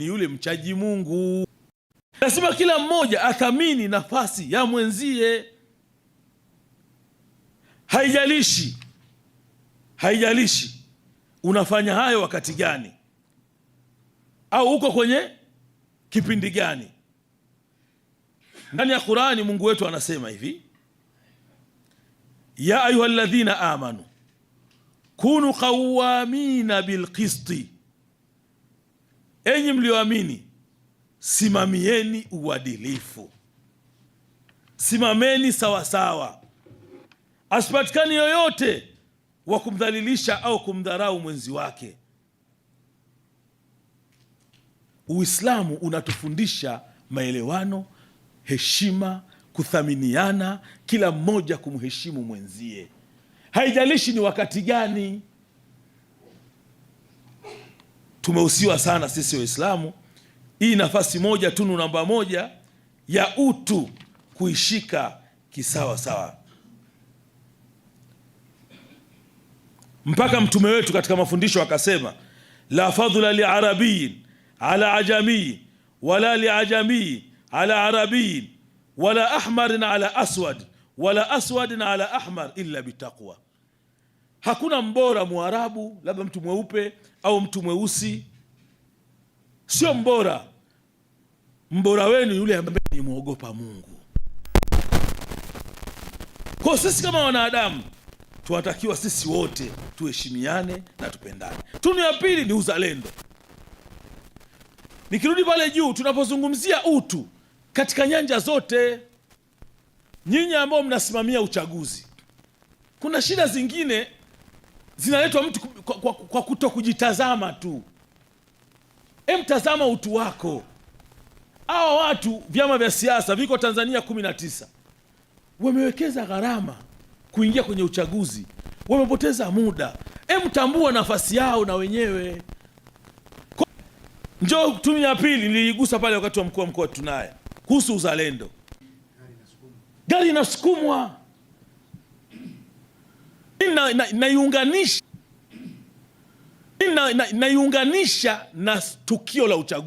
ni yule mchaji Mungu. Lazima kila mmoja athamini nafasi ya mwenzie, haijalishi haijalishi unafanya hayo wakati gani au uko kwenye kipindi gani. Ndani ya Qurani Mungu wetu anasema hivi, ya ayuha alladhina amanu kunu qawamina bilqisti enyi mlioamini, simamieni uadilifu, simameni sawasawa, asipatikani yoyote wa kumdhalilisha au kumdharau mwenzi wake. Uislamu unatufundisha maelewano, heshima, kuthaminiana, kila mmoja kumheshimu mwenzie, haijalishi ni wakati gani tumehusiwa sana sisi Waislamu, hii nafasi moja tunu namba moja ya utu kuishika kisawasawa. Mpaka mtume wetu katika mafundisho akasema, la fadhla liarabiyin ala ajamii wala ajamii ala arabiyin wala ahmarin ala aswad wala aswadin ala ahmar illa bitaqwa Hakuna mbora Mwarabu, labda mtu mweupe au mtu mweusi, sio mbora. Mbora wenu yule ambaye nimwogopa Mungu. Kwa sisi kama wanadamu tunatakiwa sisi wote tuheshimiane na tupendane. Tunu ya pili ni uzalendo. Nikirudi pale juu, tunapozungumzia utu katika nyanja zote, nyinyi ambao mnasimamia uchaguzi, kuna shida zingine zinaletwa mtu kwa, kwa, kwa kuto kujitazama tu. Emtazama utu wako. Hawa watu vyama vya siasa viko Tanzania kumi na tisa wamewekeza gharama kuingia kwenye uchaguzi, wamepoteza muda. Emtambua nafasi yao na wenyewe. Njoo tumi ya pili niligusa pale wakati wa mkuu wa mkoa tunaye kuhusu uzalendo, gari inasukumwa lakini naiunganisha na, na, na, na, na, na tukio la uchaguzi.